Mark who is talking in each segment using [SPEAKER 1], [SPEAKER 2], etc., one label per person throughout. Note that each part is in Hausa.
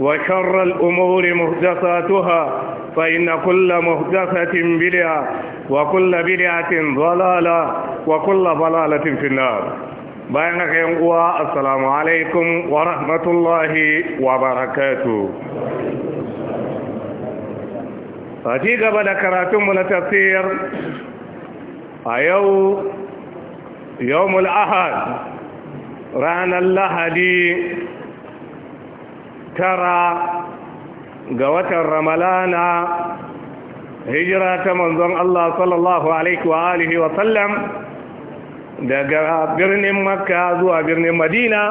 [SPEAKER 1] وشر الأمور مهدساتها فإن كل مهدسة بدعة وكل بدعة ضلالة وكل ضلالة في النار بينك ينقوى السلام عليكم ورحمة الله وبركاته فجيغ بدا كراتم التفسير أيو يوم الأحد رانا اللهدي tara ga watan ramalana hijira ta manzon Allah sallallahu alaihi wa alihi wa sallam daga birnin makka zuwa birnin madina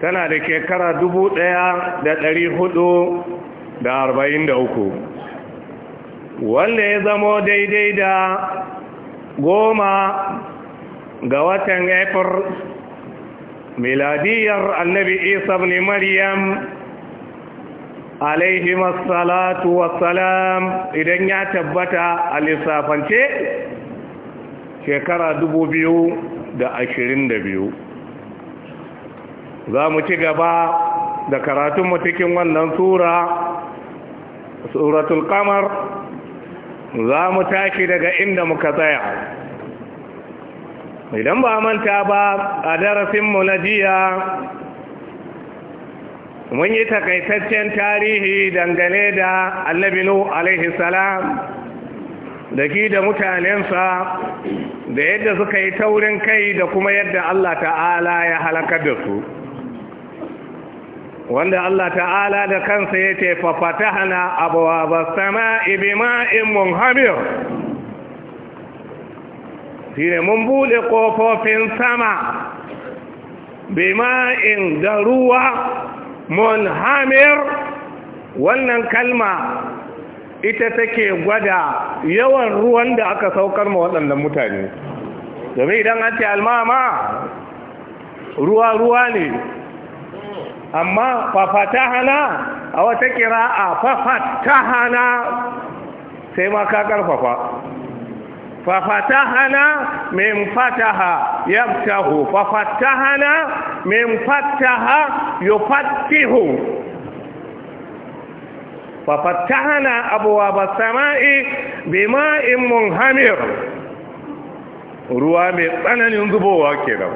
[SPEAKER 1] tana da shekara dubu ɗaya da dari hudu da arba'in da uku wanda ya zamo daidai da goma ga watan april miladiyar annabi isa ne maryam alaihi masalatu wassalam idan ya tabbata a lissafance shekara biyu. za mu ci gaba da karatun mutukin wannan sura suratul kamar za mu tashi daga inda muka tsaya idan ba manta ba a darasinmu na jiya mun yi takaitaccen tarihi dangane da allabinu alaihi salam da ki da mutanensa da yadda suka yi taurin kai da kuma yadda Allah ta'ala ya halakar da su wanda Allah ta'ala da kansa ya ce hana abuwa ba sama'i bima'in munhamir shine mun bude kofofin sama bima'in da ruwa mun munhamir wannan kalma ita take gwada yawan ruwan da aka saukar ma waɗannan mutane domin idan an ce almama ruwa-ruwa ne amma fafata hana a wata kira a fafata hana sai ma ka karfafa ففتحنا من فتح يفتح ففتحنا من فتح يفتح ففتحنا أبواب السماء بماء منهمر روامي أنا ينزبوا كده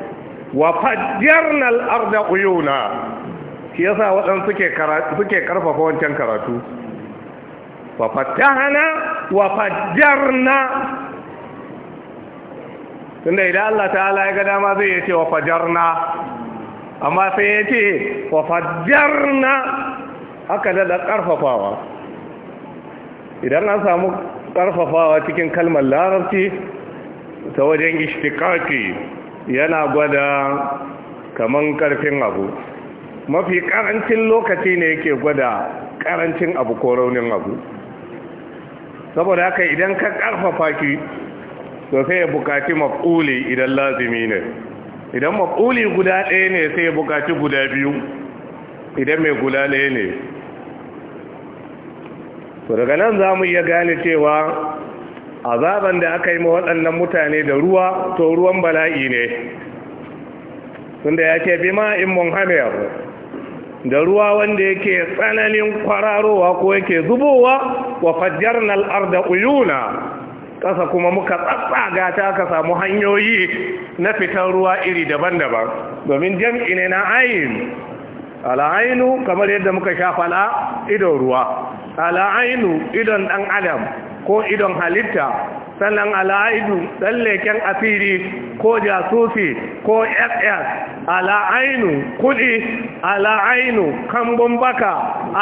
[SPEAKER 1] وفجرنا الأرض عيونا kiyasa waɗansu suke karfafa wancan karatu fafatta hana wafajar na tunda idan Allah ta'ala ya ga dama zai ya ce wa fajarna amma sai ya ce wa fajarna aka da karfafawa idan an samu karfafawa cikin kalmar larabci ta wajen ishtiqaqi yana gwada kamar ƙarfin abu mafi ƙarancin lokaci ne yake gwada ƙarancin abu ko raunin abu saboda haka idan ka ƙarfafa ki to sai ya bukaci maf'uli idan lazimi ne idan maf'uli guda ɗaya ne sai ya bukaci guda biyu idan mai guda ɗaya ne to daga nan za mu iya gane cewa azaban da aka yi ma waɗannan mutane da ruwa to ruwan bala'i ne tunda ya ce bi ma'in muhammad da ruwa wanda yake tsananin kwararowa ko yake zubowa wa fajjarnal da uyuna ƙasa kuma muka tsatsaga ta aka samu hanyoyi na fitar ruwa iri daban-daban domin jam'i ne na ainihin ala'ainu kamar yadda muka sha idon ruwa ala'ainu idon ɗan adam ko idon halitta sannan ala'ainu ɗan leken asiri ko jasusi ko fs ala'ainu kuɗi ala'ainu kambun baka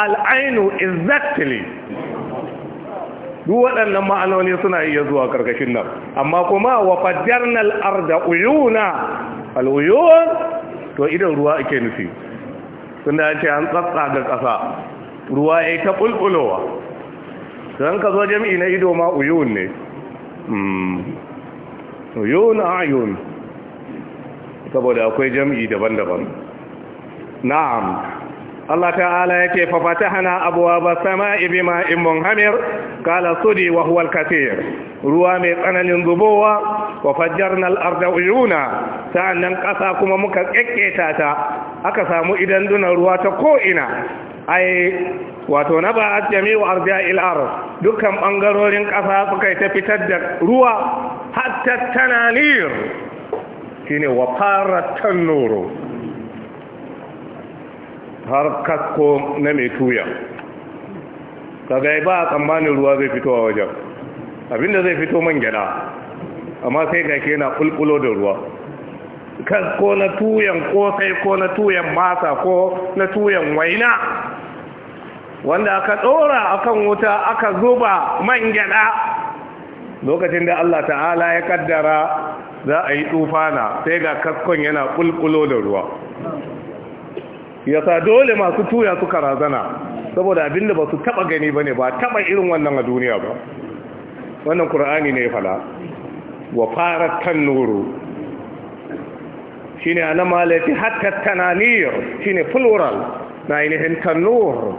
[SPEAKER 1] ala'ainu exactly duk waɗannan ma'anoni suna iya zuwa karkashin nan amma kuma wa fajjarnal arda uyuna al uyun to idan ruwa yake nufi tunda an ce an tsatsa ga ƙasa ruwa ya ta bulbulowa don ka zo jami'i na ido ma uyun ne hmm. uyun ayun saboda akwai jami'i daban-daban na'am Allah ta'ala yake fa fatahna abwaaba samaa'i bima'in munhamir qala sudi wa huwa al-kathir ruwa mai tsananin zubowa wa fajjarna al-arda uyuna sa'annan kasa kuma muka kekketa ta aka samu idan dunan ruwa ta ko ina ai wato na ba jami'u arja'il ard dukkan bangarorin kasa suka ta fitar da ruwa hatta tananir shine wa farat tanuru har kasko na mai tuya kaga ba a tsammanin ruwa zai fito a wajen abinda zai fito man gyada amma sai ga ke na kulkulo da ruwa kasko na tuyan kosai ko na tuyan masa ko na tuyan waina wanda aka ɗora akan wuta aka zuba man gyada lokacin da Allah ta'ala ya kaddara za a yi tufana sai ga kaskon yana kulkulo da ruwa yasa dole masu tuya suka razana saboda abinda ba su taba gani ba ne ba taba irin wannan a duniya ba wannan Kur'ani ne ya fada wa farat tanuru shine ana malafi hatta shi ne plural na ainihin nuru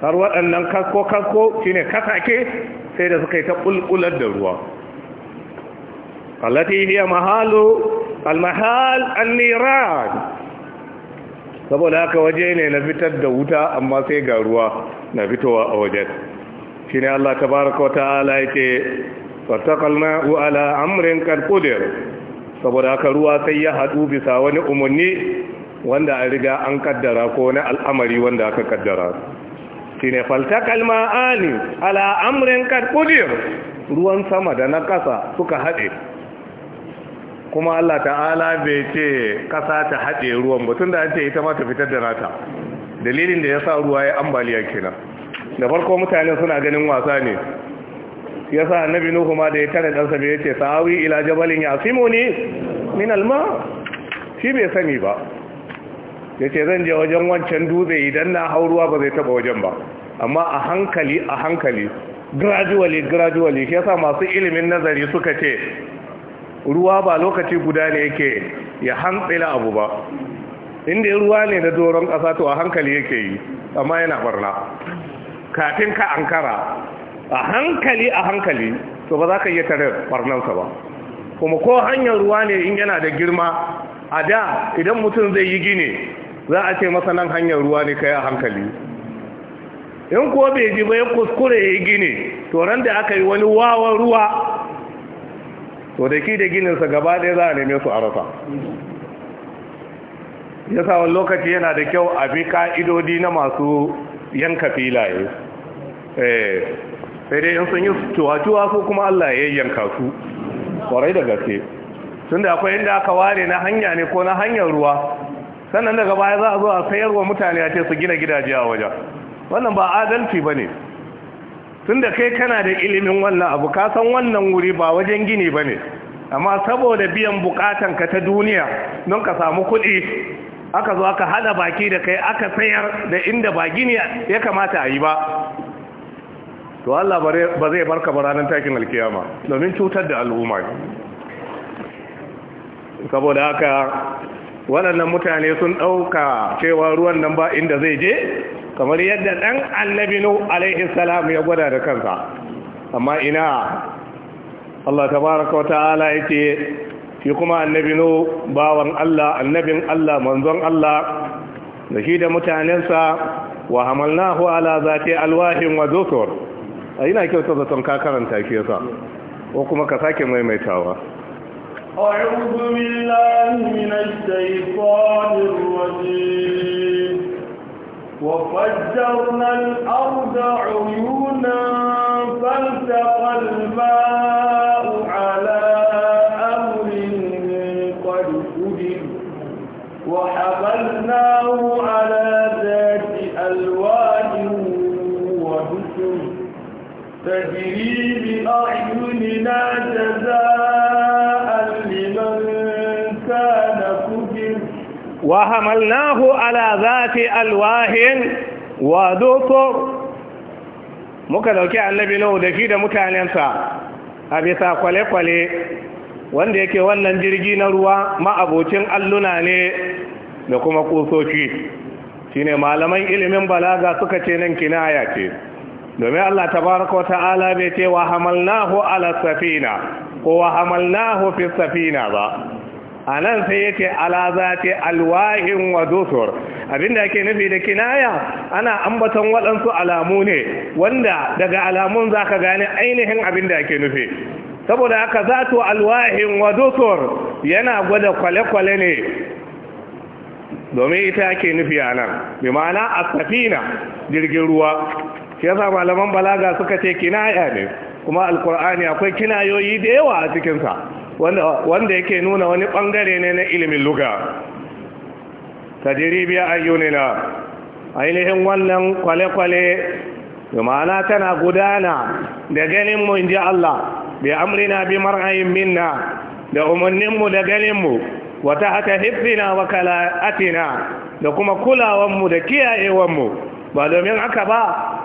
[SPEAKER 1] har waɗannan kasko kasko shi shine kasake sai da suka yi ta ƙulƙular da ruwa allati hiya mahalu al mahal an-niran saboda haka waje ne na fitar da wuta amma sai ga ruwa na fitowa a wajen shi ne Allah ta baraka ala ya ce fartakal ma'u ala amurin karkudir saboda haka ruwa sai ya haɗu bisa wani umarni wanda a riga an kaddara ko na al'amari wanda aka kaddara shi ne fartakal ma'ani ala amurin karkudir ruwan sama da na ƙasa suka haɗe kuma Allah ta'ala bai ce kasa ta haɗe ruwan ba tunda an ce ita ma ta fitar da nata dalilin da ya sa ruwa ya ambaliya kenan da farko mutane suna ganin wasa ne ya sa annabi nuhu ma da ya tare ɗansa bai ce sa'awi ila jabalin ya simo ni? min alma shi bai sani ba ya ce zan je wajen wancan dutse idan na hau ruwa ba zai taba wajen ba amma a hankali a hankali gradually gradually shi yasa masu ilimin nazari suka ce ruwa ba lokaci guda ne yake ya hantsila abu ba inda ya ruwa ne na doron ƙasa to a hankali yake yi amma yana barna kafin ka ankara a hankali a hankali to ba za ka iya tare barnansa ba kuma ko hanyar ruwa ne in yana da girma a da idan mutum zai yi gini, za a ce masa nan hanyar ruwa ne ka yi a hankali in kuwa bai ji ba ya kuskure ya yi gine to ran da aka yi wani wawan ruwa to da ki da gininsa gaba ɗaya za a neme su a rasa ya sa wani lokaci yana da kyau a bi ka'idodi na masu yanka filaye eh, sai dai yin sun yi cuwa-cuwa ko kuma Allah ya yanka su kwarai da gaske sun da akwai inda aka ware na hanya ne ko na hanyar ruwa sannan daga baya za a zo a sayarwa mutane a ce su gina gidaje a wajen wannan ba adalci ba ne tun da kai kana da ilimin wannan abu ka san wannan wuri ba wajen gini ba ne amma saboda biyan bukatan ka ta duniya don ka samu kuɗi aka zo aka hada baki da kai aka sayar da inda ba gini ya kamata a yi ba to Allah ba zai barka ba ranar takin alkiyama domin cutar da al'umma saboda haka waɗannan mutane sun ɗauka cewa ruwan nan ba inda zai je kamar yadda ɗan annabi nu alaihi salam ya gwada da kansa amma ina Allah tabaraka wa ta'ala yake shi kuma annabi nu bawan Allah annabin Allah manzon Allah da shi da mutanensa wa hamalnahu ala zati alwahin wa zukur a ina kyauta zaton ka karanta shi yasa ko kuma ka sake maimaitawa
[SPEAKER 2] أعوذ بالله من الشيطان الرجيم وفجرنا الأرض عيونا فالتقى الماء على أمر قد قدر وحملناه على ذات ألوان وبسر تجري بأعيننا جميعا
[SPEAKER 1] wa على ala الواح alwahin wa dukur muka dauki annabi lau da shi da mutanensa a bisa kwale-kwale wanda yake wannan jirgi na ruwa ma'abocin alluna ne da kuma kusoci shine malaman ilimin balaga suka ce nan kinaya ce domin Allah tabaraka wa ta'ala bai ce wa hamalnahu ala safina ko wa hamalnahu fi safina ba a nan sai ya ce alwahin wa dusur abinda ake nufi da kinaya ana ambaton waɗansu alamu ne wanda daga alamun za ka gane ainihin abin abinda ake nufi saboda haka zato alwahin wa dusur yana gwada kwale-kwale ne domin ita ake nufi a nan bi ma'ana a safina jirgin ruwa shi yasa malaman balaga suka ce kinaya ne kuma alkur'ani akwai kinayoyi da yawa a cikinsa wanda yake nuna wani bangare ne na ilimin luga tajiribiya ayyunina ainihin wannan kwale-kwale ma'ana tana gudana da ganinmu in ji Allah bi amrina bi mar'ayin minna da umarninmu da ganinmu wata hata hifzina wa kala'atina da kuma kulawanmu da kiyayewanmu ba domin aka ba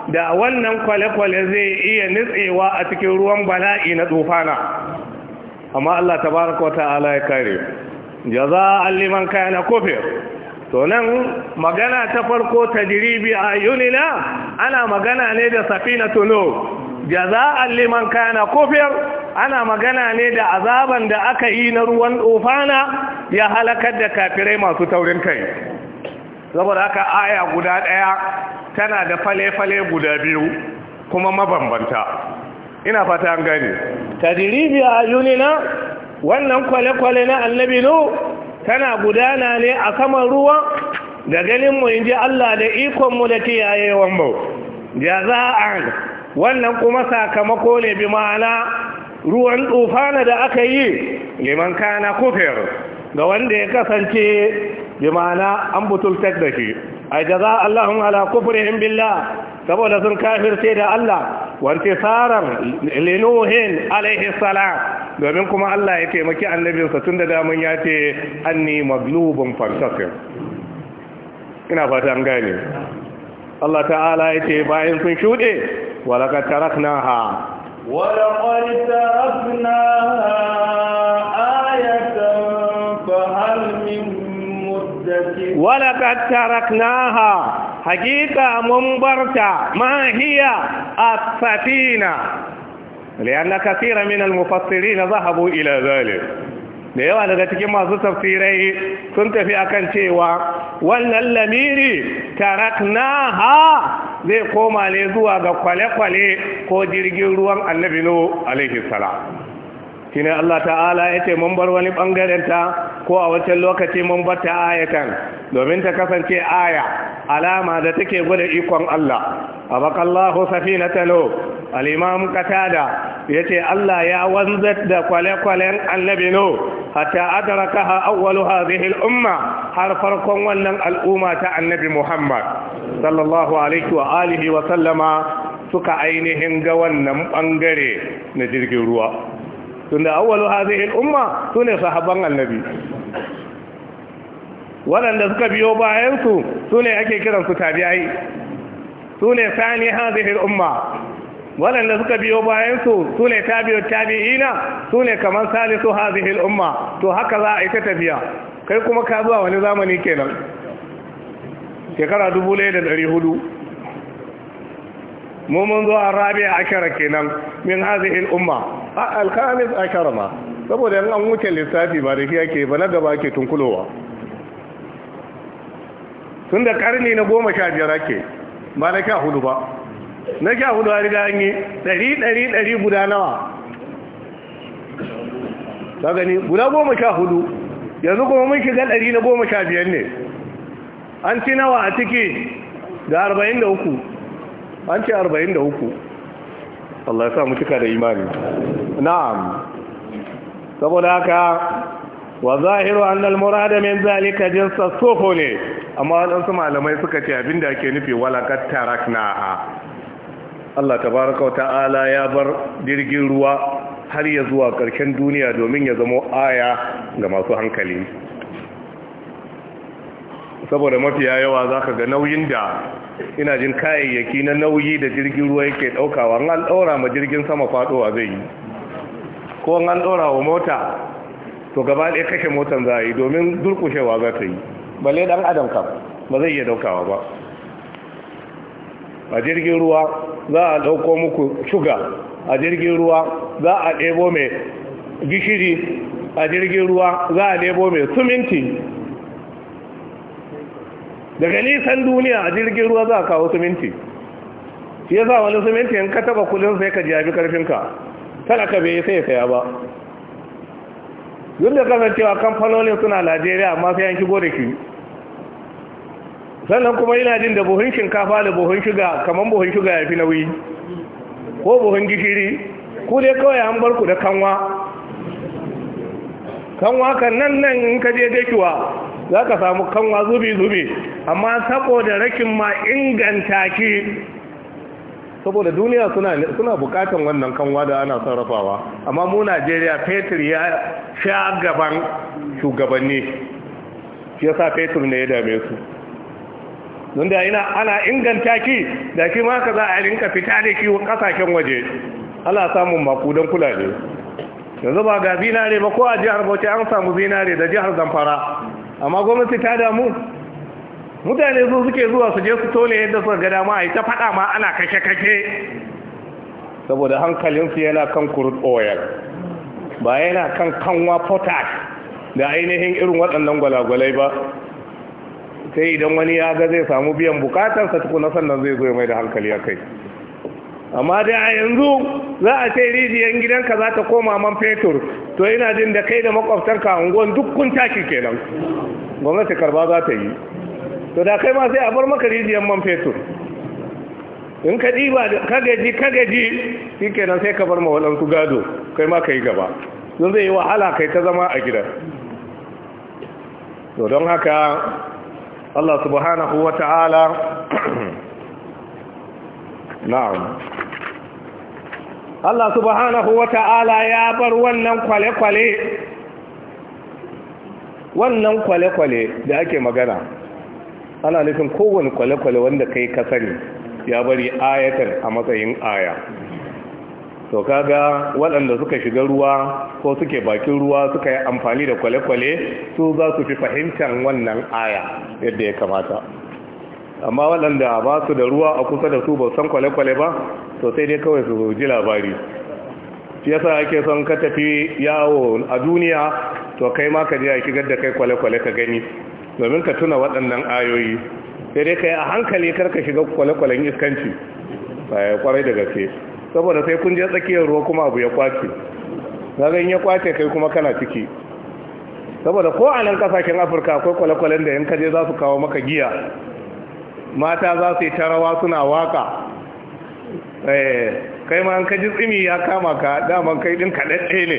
[SPEAKER 1] da wannan kwale-kwale zai iya nitsewa a cikin ruwan bala'i na tsufana amma Allah tabaraka wa ta'ala ya kare jaza'an liman kana kufir to nan magana ta farko tajribi a yunina ana magana ne da safinatu nuh jaza liman kana kufir ana magana ne da azaban da aka yi na ruwan ofana ya halakar da kafirai masu taurin kai saboda aka aya guda ɗaya, tana da fale-fale guda biyu kuma mabambanta ina fata an gane a ayunina wannan kwale-kwale na annabi nu tana gudana ne a saman ruwa da ganin mu inji Allah da ikon mu da kiyayewan mu jaza'an wannan kuma sakamako ne bi ma'ana ruwan tsufana da aka yi liman kana kufir ga wanda ya kasance bi ma'ana an butultar da shi ai jaza Allahum ala kufrihim billah saboda sun kafirce da Allah wance saran linuhin alaihi salam domin kuma Allah ya taimaki annabinsa tunda damun ya ce an anni maglubun fantasir ina fata an gane Allah ta'ala ya ce bayan sun shuɗe walakar taraknaha
[SPEAKER 2] walakar taraknaha ayatan وهل من مدكر
[SPEAKER 1] ولقد تركناها حقيقة منبرتا ما هي السفينة لأن كثيرا من المفسرين ذهبوا إلى ذلك da yawa daga cikin masu tafsirai sun tafi akan cewa wannan lamiri tarakna ha zai koma ne zuwa ga kwale-kwale ko jirgin ruwan annabi no alaihi salam shine Allah ta'ala ya ce mun bar wani bangaren ta ko a wancan lokaci mun ta ayatan domin ta kasance aya alama da take gwada ikon Allah Safi na Talo al Katada ya yace Allah ya wanzar da kwale-kwalen annabi no hatta adrakaha awwalu hadhihi al-umma har farkon wannan al'umma ta annabi Muhammad sallallahu alaihi wa alihi wa sallama suka ainihin ga wannan bangare na jirgin ruwa tunda awwalu hadhihi al-umma sune sahaban annabi Wadanda suka biyo bayan su sune ake kiran su tabi'ai sune sani hadhihi al-umma waɗanda suka biyo bayan su sune tabi'ut tabi'ina sune kamar salisu hadhihi al-umma to haka za a yi ta tafiya kai kuma ka zuwa wani zamani kenan shekara dubu ɗaya da ɗari hudu mu mun zo a rabi ashara kenan min hazihi umma a alkhamis ashara ma saboda an wuce lissafi ba da shi ake ba na gaba ake tunkulowa tun da karni na goma sha biyar ake ba na sha hudu ba na sha hudu a riga an yi ɗari ɗari ɗari guda nawa ta gani guda goma sha hudu yanzu kuma mun shiga ɗari na goma sha biyar ne an ci nawa a ciki da arba'in da uku an ce 43 Allah ya sa mu da imani na'am saboda haka wa zahiru annal murada min zalika jinsa sofo ne amma wadansu malamai suka ce abinda ake nufi walakat taraknaha Allah tabaraka wa ta'ala ya bar jirgin ruwa har ya zuwa karshen duniya domin ya zama aya ga masu hankali saboda mafiya yawa za ka ga nauyin da ina jin kayayyaki na nauyi da jirgin ruwa yake daukawa an daura ma jirgin sama fadowa zai yi ko an daura wa mota to gaba ɗaya kashe motan za a yi domin durkushewa za ta yi balle dan adam kam ba zai iya daukawa ba a jirgin ruwa za a dauko muku shuga a jirgin ruwa za a ɗebo mai gishiri a jirgin ruwa za a ɗebo mai suminti daga nisan duniya a jirgin ruwa za a kawo siminti shi sa wani siminti in ka taba kudin sai ka bi karfinka talaka bai sai saya ba duk da kasancewa kamfanonin suna najeriya amma sai an shigo da sannan kuma yana jin da buhun shinkafa da buhun shiga, kamar buhun shiga ya fi nauyi ko buhun gishiri ku dai kawai an bar ku da kanwa kanwa kan nan nan in ka je gashuwa za ka samu kanwa zubi-zubi amma saboda rakin ma inganta ki saboda duniya suna bukatan wannan kanwa da ana sarrafawa amma mu najeriya fetur ya sha gaban shugabanni shi sa fetur ne ya dame su don da ina ana inganta ki da shi ma za a rinka fita da ki kasashen waje ana samun makudan kula ne yanzu ba ga zinare ba ko a jihar bauchi an samu zinare da jihar zamfara amma gwamnati ta damu mutane su suke zuwa su je su tole yadda suka ga dama a yi ta faɗa ma ana kashe-kashe saboda hankalinsu yana kan kurut oil ba yana kan kanwa potash da ainihin irin waɗannan gwalagwalai ba sai idan wani ya ga zai samu biyan bukatarsa tukuna sannan zai zo mai da hankali a kai amma dai a yanzu za a ce rijiyar gidanka za ta koma man fetur to ina jin da kai da makwabtarka a unguwan duk kun tashi kenan gwamnati karba za ta yi to da kai ma sai a bar maka rijiyar man fetur in ka ɗiba ka gaji ka gaji shi kenan sai ka bar ma wadansu gado kai ma ka yi gaba don zai yi wahala kai ta zama a gidan to don haka Allah subhanahu wa ta'ala na'am Allah subhanahu wa ta'ala ya bar wannan kwale-kwale wannan kwale-kwale da ake magana ana nufin kowane kwale-kwale wanda kai ka sani ya bari ayatar a matsayin aya to kaga waɗanda suka shiga ruwa ko suke bakin ruwa suka yi amfani da kwale-kwale su za su fi fahimtar wannan aya yadda ya kamata amma waɗanda ba su da ruwa a kusa da su ba san kwale-kwale ba to sai dai kawai su ji labari shi yasa ake son ka tafi yawo a duniya to kai ma ka je a shigar da kai kwale-kwale ka gani domin ka tuna waɗannan ayoyi sai dai kai a hankali kar ka shiga kwale-kwalen iskanci kwarai da gaske saboda sai kun je tsakiyar ruwa kuma abu ya kwace zagan ya kwace kai kuma kana ciki saboda ko a nan kasashen afirka akwai kwale-kwalen da yan kaje za su kawo maka giya mata za su yi tarawa suna waka eh, kai ma ka ji tsimi ya kama ka daman kai din kaɗaɗɗe ne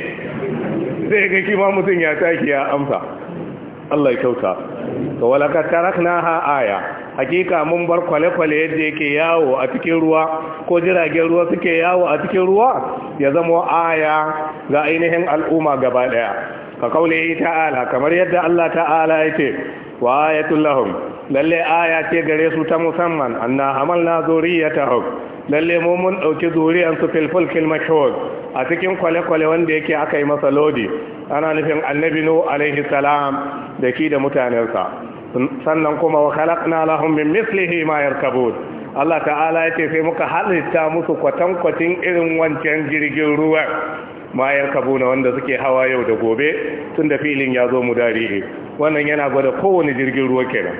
[SPEAKER 1] zai ga kima mutum ya taki ya amsa Allah ya kyauta to walaka ha aya hakika mun bar kwale-kwale yadda yake yawo a cikin ruwa ko jiragen ruwa suke yawo a cikin ruwa ya zama aya ga ainihin al'umma gaba daya ka kaule ta'ala kamar yadda Allah ta'ala yake wa ayatul lahum lalle aya ce gare su ta musamman anna amalna zuriyatahum lalle mu mun dauki zuriyan su fil fulkil mashhur a cikin kwale kwale wanda yake aka yi masa lodi ana nufin annabi nu alaihi salam da ki da mutanensa sannan kuma wa khalaqna lahum min mislihi ma yarkabun Allah ta'ala ya ce sai muka halitta musu kwatankwatin irin wancan jirgin ruwa Mayar Kabuna wanda suke hawa yau da gobe tun da filin ya zo mu darihe, wannan yana gwada kowane jirgin ruwa kenan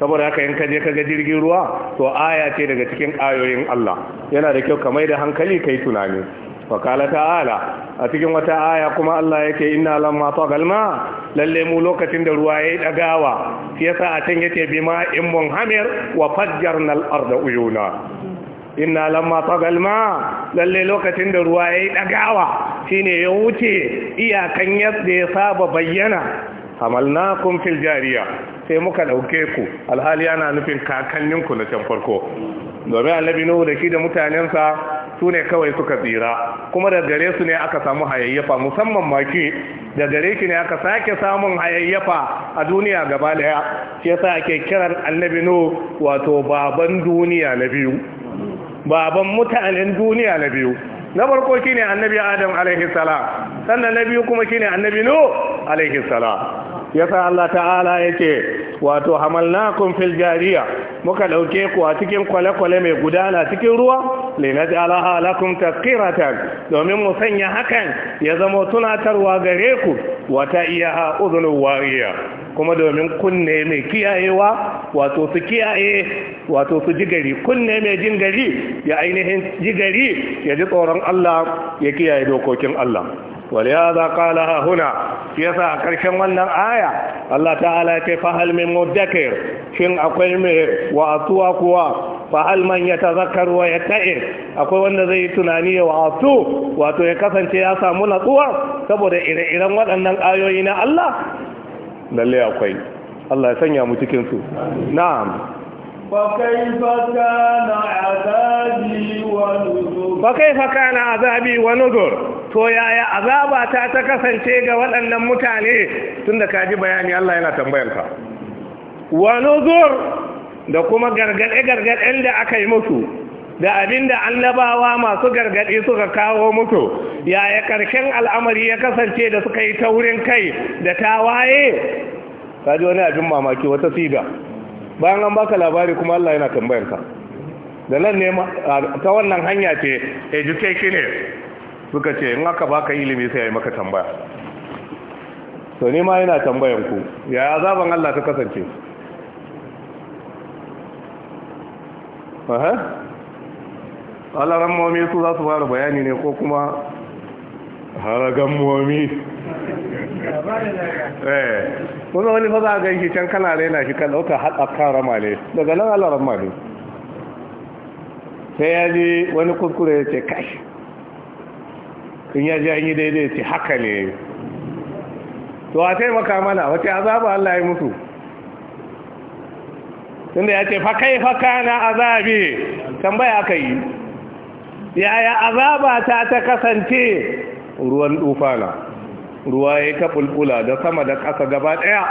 [SPEAKER 1] saboda haka yanka ka je kaga jirgin ruwa to aya ce daga cikin ayoyin Allah yana da kyau ka mai da hankali kai tunani wakala ta'ala a cikin wata aya kuma Allah yake inna lamma tagalma lalle mu lokacin da ruwa yayi dagawa shi yasa a can yake bima in Muhammad wa fajjarnal arda uyuna inna lamma tagal ma lalle lokacin da ruwa yayi dagawa shine ya wuce iyakan yadda ya saba bayyana hamalnakum fil jariya sai muka dauke ku alhali yana nufin kakannin ku na can farko domin annabi nuhu da shi da mutanensa su ne kawai suka tsira kuma da gare su ne aka samu hayayyafa musamman maki da gare shi ne aka sake samun hayayyafa a duniya gaba daya shi yasa ake kiran annabi nuhu wato baban duniya na biyu baban mutanen duniya na biyu na farko shine annabi adam alaihi salam sannan na biyu kuma shine annabi nuh alaihi salam yasa Allah ta'ala yake wato hamalnakum fil jariya muka dauke ku a cikin kwale-kwale mai gudana cikin ruwa linaj'alaha lakum tazkiratan domin mu sanya hakan ya zama tunatarwa gare ku wata iya udhunu wariya kuma domin kunne mai kiyayewa wato su kiyaye wato su ji gari kunne mai jin gari ya ainihin ji gari ya ji tsoron Allah ya kiyaye dokokin Allah ولهذا قالها هنا a ƙarshen wannan aya Allah ta'ala ta fahal min mudakkir shin akwai mai wa kuwa fahalman ya yatazakkar ya yata'i akwai wanda zai yi tunani ya atu wato ya kasance ya samu natsuwa saboda ire-iren waɗannan ayoyi na Allah lalle akwai Allah ya sanya mu cikin su na'am فكيف كان عذابي ونذر فكيف azabi, to yaya azaba ta ta kasance ga waɗannan mutane tunda ka ji bayani Allah yana tambayar ka wa nuzur da kuma gargaɗe gargaɗen da aka yi musu da abinda annabawa masu gargaɗi suka kawo musu yaya ƙarshen al'amari ya kasance da suka yi ta wurin kai da ta waye. Ta ji wani abin mamaki wata siga bayan an baka labari kuma Allah yana tambayar ka da nan ne ta wannan hanya ce education ne suka ce in aka baka ilimi sai ya yi maka tambaya to ne ma yana tambayan ku ya azaban Allah ta kasance alaran momi su za su fara bayani ne ko kuma haragan momi eh kuma wani fa za a ganki can kana raina shi kan ɗauka haɗa kan ramale daga nan alaran male sai ya ji wani kuskure ya ce kashi in ya ji an yi daidai ce haka ne to a taimaka mana wace azaba Allah ya mutu tunda ya ce fakai faka na azabi tambaya aka yi yaya azaba ta ta kasance ruwan dufana ruwa ya ta bulbula da sama da kasa gaba ɗaya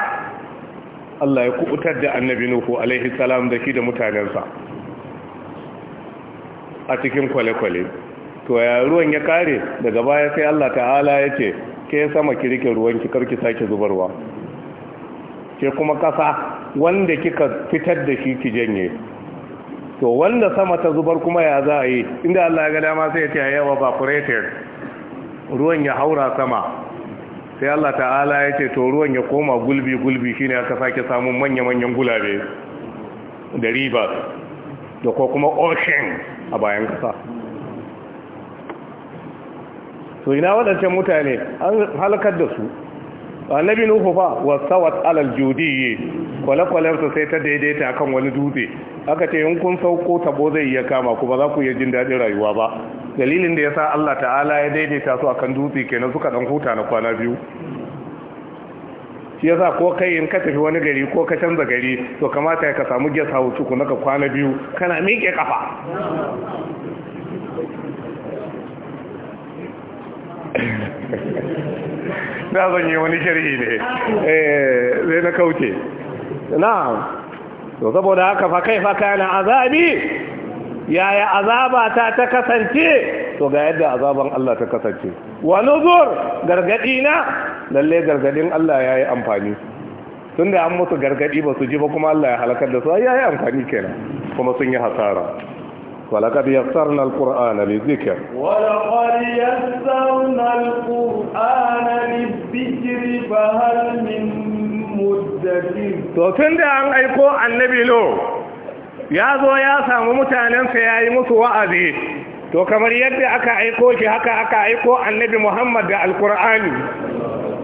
[SPEAKER 1] Allah ya kubutar da annabi Nuhu alaihi salam da shi da mutanensa a cikin kwale-kwale to ya ruwan ya kare daga baya sai Allah ta'ala ya ce ke sama ki rike ruwan ki karki sake zubarwa ke kuma ƙasa wanda kika fitar da shi ki janye to wanda sama ta zubar kuma ya za a yi inda Allah ya ga dama sai ya ce yawa evaporated ruwan ya haura sama sai Allah ta'ala ya ce to ruwan ya koma gulbi gulbi shine aka sake samun manya-manyan gulabe da rivers da ko kuma ocean a bayan kasa to ina waɗancan mutane an halakar da su annabi nuhu fa wasawat alal judi kwale su sai ta daidaita akan wani dutse aka ce in kun sauko tabo zai iya kama ku ba za ku iya jin daɗin rayuwa ba dalilin da ya sa Allah ta'ala ya daidaita su akan dutse kenan suka dan huta na kwana biyu shi yasa ko kai in ka tafi wani gari ko ka canza gari to kamata ka samu guest house ku naka kwana biyu kana miƙe kafa da zan yi wani shari'i ne zai eh, na kauce na'am to saboda haka fa kai fa kana azabi yaya azaba ta ta kasance to ga yadda azaban Allah ta kasance wa nuzur gargadi na lalle gargadin Allah yayi amfani tunda an mutu gargadi ba su ji ba kuma Allah ya halakar da su yayi amfani kenan kuma sun yi hasara ولقد يسرنا القرآن للذكر ولقد يسرنا
[SPEAKER 2] القرآن للذكر فهل من مدكر
[SPEAKER 1] تو تند أن أيقو النبي لو يا زو يا سامو متانن سياي مسو وعدي to kamar yadda aka aiko shi haka aka aiko annabi Muhammad da Alkur'ani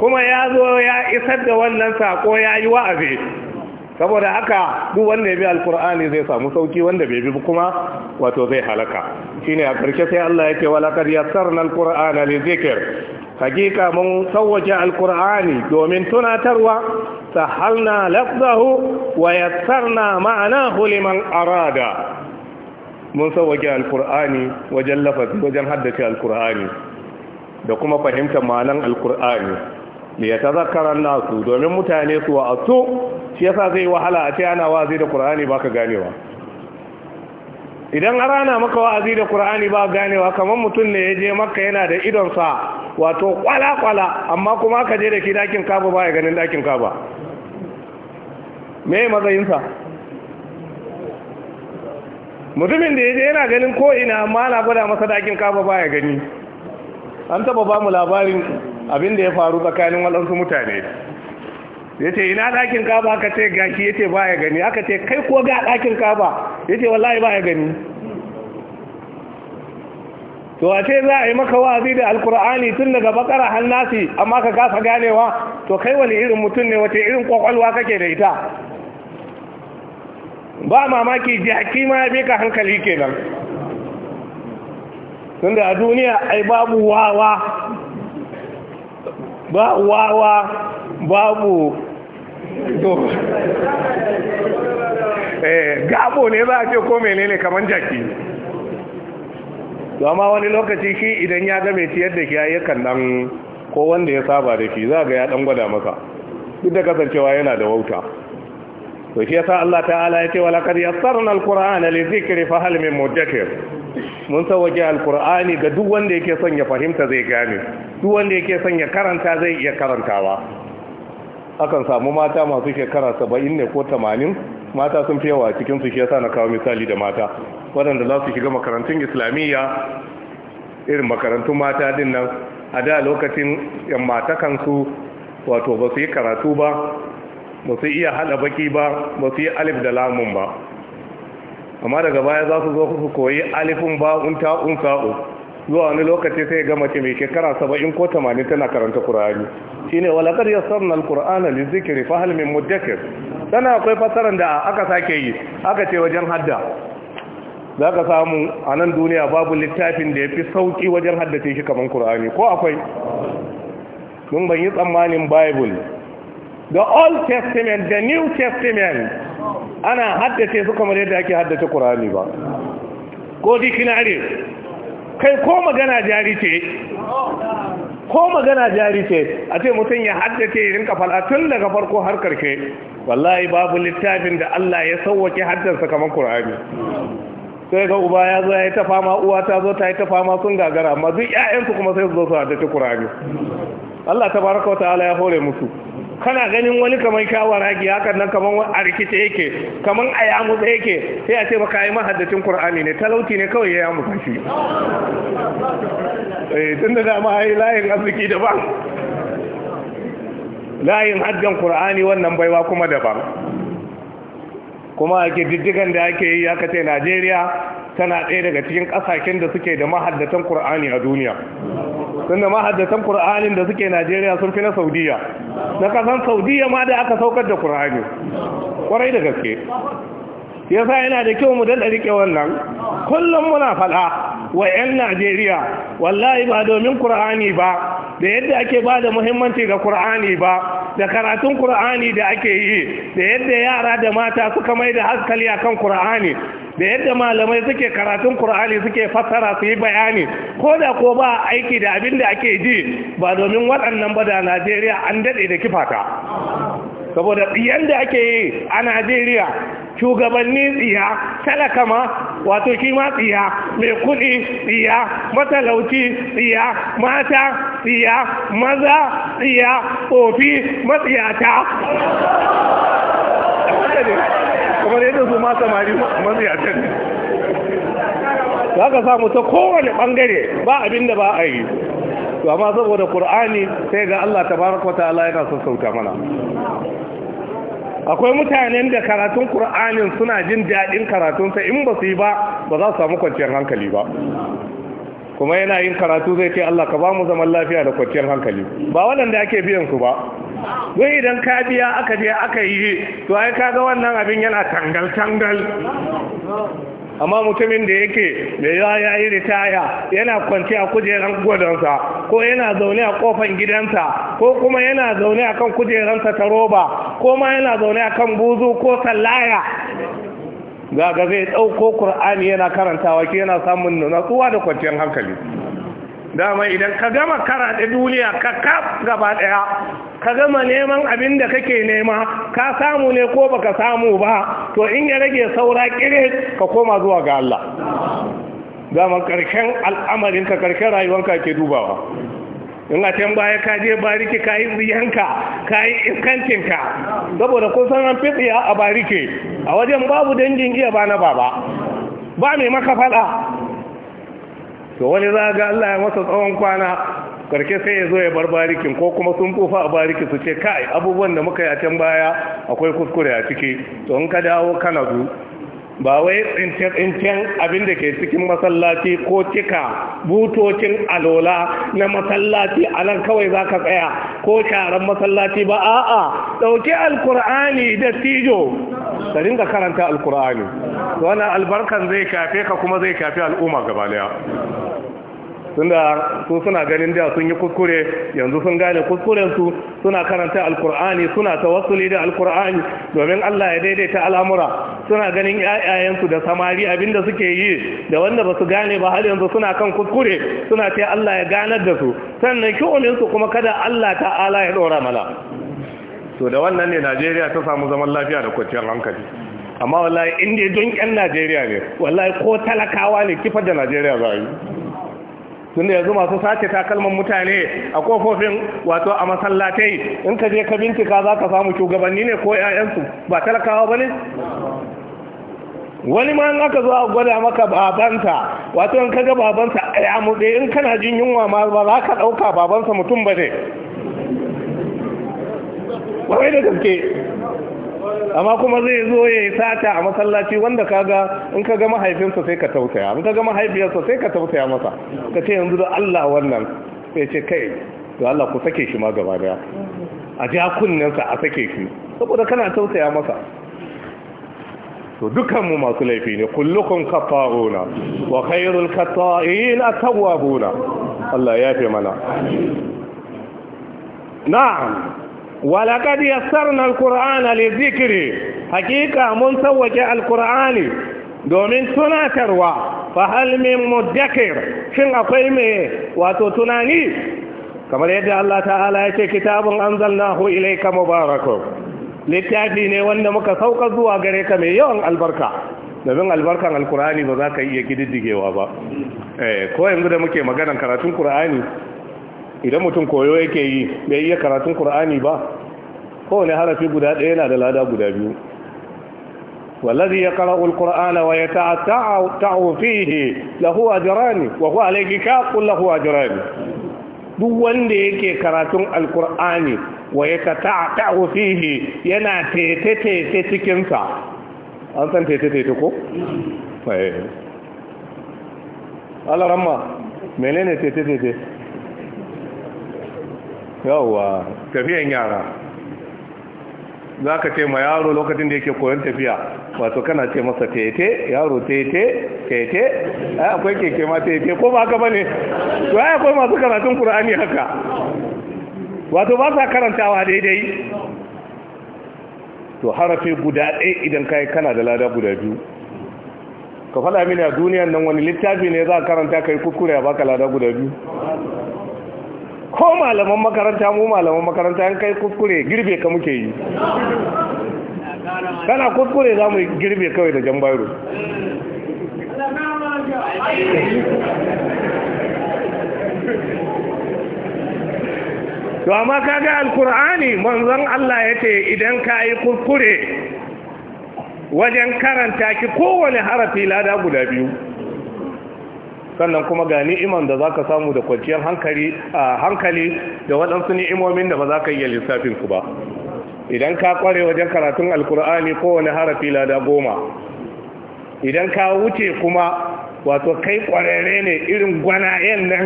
[SPEAKER 1] kuma ya zo ya isar da wannan sako ya yi wa'azi saboda haka duk wanda ya bi alkur'ani zai samu sauki wanda bai bi kuma wato zai halaka shine a karshe sai Allah yake wala qad yassarna alqur'ana lizikr hakika mun sauwaje alkur'ani domin tunatarwa sahalna lafzahu wa yassarna ma'anahu liman arada mun sauwaje alkur'ani wajen lafazi wajen haddace alkur'ani da kuma fahimtar ma'anan alkur'ani li yatazakkaran nasu domin mutane su asu. shi yasa zai wahala a ce ana wa'azi da qur'ani baka ganewa idan har ana maka wa'azi da qur'ani ba ganewa kamar mutum ne ya je Makka yana da idon sa wato kwala kwala amma kuma ka je da ki dakin kaba ba ya ganin dakin kaba me matsayin sa mutumin da ya je yana ganin ko ina amma ana gwada masa dakin kaba ba ya gani an taba ba mu labarin abin da ya faru tsakanin waɗansu mutane ya ce ina ɗakin kaba aka ce gashi ya ce ba ya gani aka ce kai ko ga ɗakin kaba ya ce wallahi ba ya gani to a ce za a yi maka wa'azi da alkur'ani tun daga bakara hannasi amma ka kasa ganewa to kai wani irin mutum ne wace irin kwakwalwa kake da ita ba mamaki jaki ma ya ka hankali kenan da a duniya ai babu wawa babu Eh, gabo ne za a ce ko menene kamar jaki amma wani lokaci shi idan ya ga mai ciyar da shi yakan dan ko wanda ya saba da shi za ga ya dan gwada maka duk da kasancewa yana da wauta to shi yasa Allah ta'ala ya ce walaqad yassarna alqur'ana lidhikri fa hal min mudakkir mun sauke alqur'ani ga duk wanda yake son ya fahimta zai gane duk wanda yake son ya karanta zai iya karantawa akan samu mata masu shekara saba'in ne ko tamanin mata sun fiyawa cikin su shi yasa na kawo misali da mata waɗanda za su shiga makarantun islamiyya irin makarantun mata din nan a da lokacin yan mata kansu wato ba su yi karatu ba ba su iya haɗa baki ba ba su yi alif da lamun ba amma daga baya za su zo su koyi alifin ta un sa'u zuwa wani lokaci sai ga mace mai shekara saba'in ko tamanin tana karanta kur'ani shine walaqad yassarna alqur'ana lizikri fa hal min mudakkir sana akwai fasaran da aka sake yi aka ce wajen hadda zaka samu a nan duniya babu littafin da yafi sauki wajen haddace shi kaman qur'ani ko akwai mun ban yi tsammanin bible the old testament the new testament ana haddace su kamar yadda ake haddace qur'ani ba ko dikinare kai ko magana jari ce ko magana jari ce a ce mutum ya haddace irin kafala tun daga farko har karshe wallahi babu littafin da Allah ya sauwake haddarsa kamar Qur'ani sai ga uba ya zo ya yi ta uwa ta zo ta yi ta sun gagara amma duk ƴaƴansu kuma sai su zo su haddace Qur'ani Allah tabaraka wa ta'ala ya hore musu kana ganin wani kamar shawara gi hakan nan kamar a rikice yake kamar a yamutsa yake sai a ce ba ka yi mahaddacin qur'ani ne talauci ne kawai ya yamutsa shi eh tun da dama ai layin arziki daban layin haddan qur'ani wannan baiwa kuma daban kuma ake diddigan da ake yi aka ce najeriya tana ɗaya daga cikin ƙasashen da suke da mahaddatan Kur'ani a duniya tunda mahaddatan Kur'anin da suke Najeriya sun fi na Saudiya na ƙasan Saudiya ma da aka saukar da Kur'ani kwarai da gaske yasa yana da kyau mu daɗa riƙe wannan kullum muna faɗa wa 'yan Najeriya wallahi ba domin Kur'ani ba da yadda ake ba da muhimmanci ga Kur'ani ba da karatun Kur'ani da ake yi da yadda yara da mata suka mai da haskali akan Kur'ani da yadda malamai suke karatun Kur'ani suke fassara su yi bayani ko da ko ba aiki da abin da ake ji ba domin waɗannan ba da Najeriya an daɗe da kifata saboda biyan da ake yi a najeriya shugabanni tsiya talaka ma wato shi ma tsiya mai kuɗi tsiya matalauci tsiya mata tsiya maza tsiya ofi matsiyata kamar yadda su ma samari matsiyatan ne za ka samu ta kowane ɓangare ba abin da ba a yi to amma saboda qur'ani sai ga Allah tabaraka ta'ala yana son sauta mana akwai mutanen da karatun qur'anin suna jin daɗin karatunsa in ba su yi ba ba za su samu kwanciyar hankali ba kuma yana yin karatu zai ce Allah ka ba mu zaman lafiya da kwanciyar hankali ba wannan da ake biyan su ba don idan ka biya aka je aka yi to ai kaga wannan abin yana tangal tangal amma mutumin da yake mai yawa ya yi ritaya yana kwanci a kujeran gwadonsa ko yana zaune a kofan gidansa ko kuma yana zaune a kan kujeransa ta roba ko ma yana zaune a kan buzu ko sallaya ga zai ɗauko ƙur'ani yana karantawa ke yana samun nuna natsuwa da kwanciyar hankali dama idan ka gama karaɗe duniya ka kaf gaba ɗaya ka gama neman abin da kake nema ka samu ne ko baka samu ba to in ya rage saura kire ka koma zuwa ga Allah dama karshen al'amarin ka karshen rayuwanka ke dubawa in a can baya ka je bariki ka yi riyanka ka yi iskancinka saboda kun san an fi a bariki a wajen babu dangin giya ba na baba ba mai maka faɗa to wani za ga Allah ya masa tsawon kwana karke sai ya zo ya bar barikin ko kuma sun tsufa a bariki su ce kai abubuwan da muka yi a can baya akwai kuskure a ciki to in ka dawo kana zu ba wai tsince-tsincen abin da ke cikin masallaci ko cika butocin alola na masallaci a nan kawai za ka tsaya ko sharan masallaci ba a'a ɗauki alkur'ani da tijo da dinga karanta alkur'ani wannan albarkan zai kafe ka kuma zai kafe al'umma gaba daya tunda su suna ganin da sun yi kuskure yanzu sun gane kuskurensu suna karanta alkur'ani suna tawassuli da alkur'ani domin Allah ya daidaita al'amura suna ganin yayayensu da samari abinda suke yi da wanda basu gane ba har yanzu suna kan kuskure suna ce Allah ya ganar da su sannan ki'umin su kuma kada Allah ta'ala ya dora mala to da wannan ne Najeriya ta samu zaman lafiya da kwanciyar hankali amma wallahi inda don yan Najeriya ne wallahi ko talakawa ne kifar da Najeriya za yi tunda yanzu masu sace takalman mutane a kofofin wato a masallatai in ka je ka bincika za ka samu shugabanni ne ko 'ya'yansu ba talakawa ba ne wani ma aka zo a gwada maka babanta, wato in ka ga babansa ya mutse in kana jin yunwa ma ba za ka ɗauka babansa mutum ba ne wai da gaske amma kuma zai zo ya yi sata a masallaci wanda kaga in ka ga mahaifinsa sai ka tausaya in ka ga mahaifiyarsa sai ka tausaya masa ka ce yanzu da Allah wannan sai ce kai da Allah ku sake shi ma gaba daya a ja kunninsa a sake shi saboda kana tausaya masa to dukkanmu masu laifi ne kullukum kafa'una wa khairul kata'in atawabuna Allah ya fi mana na'am walaƙad yassarna alƙur'ana zikiri hakika mun sauwake alƙur'ani domin tunatarwa fa hal min shin akwai mai wato tunani kamar yadda Allah ta'ala ya ce kitabun anzalnahu ilayka mubarakun littafi ne wanda muka sauka zuwa gare ka mai yawan albarka domin albarkan alkur'ani ba za ka iya gididdigewa ba ko yanzu da muke maganar karatun kur'ani idan mutum koyo yake yi bai iya karatun qur'ani ba kowane harafi guda ɗaya yana da lada guda biyu wallazi ya qara'u alqur'ana wa yata'ata'u fihi lahu ajrani wa huwa alayhi kaqul lahu ajrani duk wanda yake karatun alqur'ani wa yata'ata'u fihi yana tete tete cikinsa. an san tete tete ko eh Allah ramma menene tete tete yawwa tafiyan yara za ka ce ma yaro lokacin da yake koyon tafiya wato kana ce masa tete yaro tete tete ai akwai keke ma tete ko ba haka ba ne to ai akwai masu karatun kur'ani haka wato ba sa karantawa daidai to harafi guda ɗaya idan kai kana da lada guda biyu ka faɗa mini a duniyan nan wani littafi ne za ka karanta kai kuskure a baka lada guda biyu ko malaman makaranta mu malaman makaranta yan kai kuskure girbe ka muke yi kana kuskure za mu girbe kawai da jambairo to amma ka ga alkur'ani manzon Allah yace idan ka yi kuskure wajen karanta ki kowane harafi lada guda biyu sannan kuma ga ni'iman da za ka samu da kwanciyar hankali da waɗansu ni'imomin da ba za ka iya lissafin ba idan ka kware wajen karatun alkur'ani kowane harafi lada goma idan ka wuce kuma wato kai kwararre ne irin gwanayen nan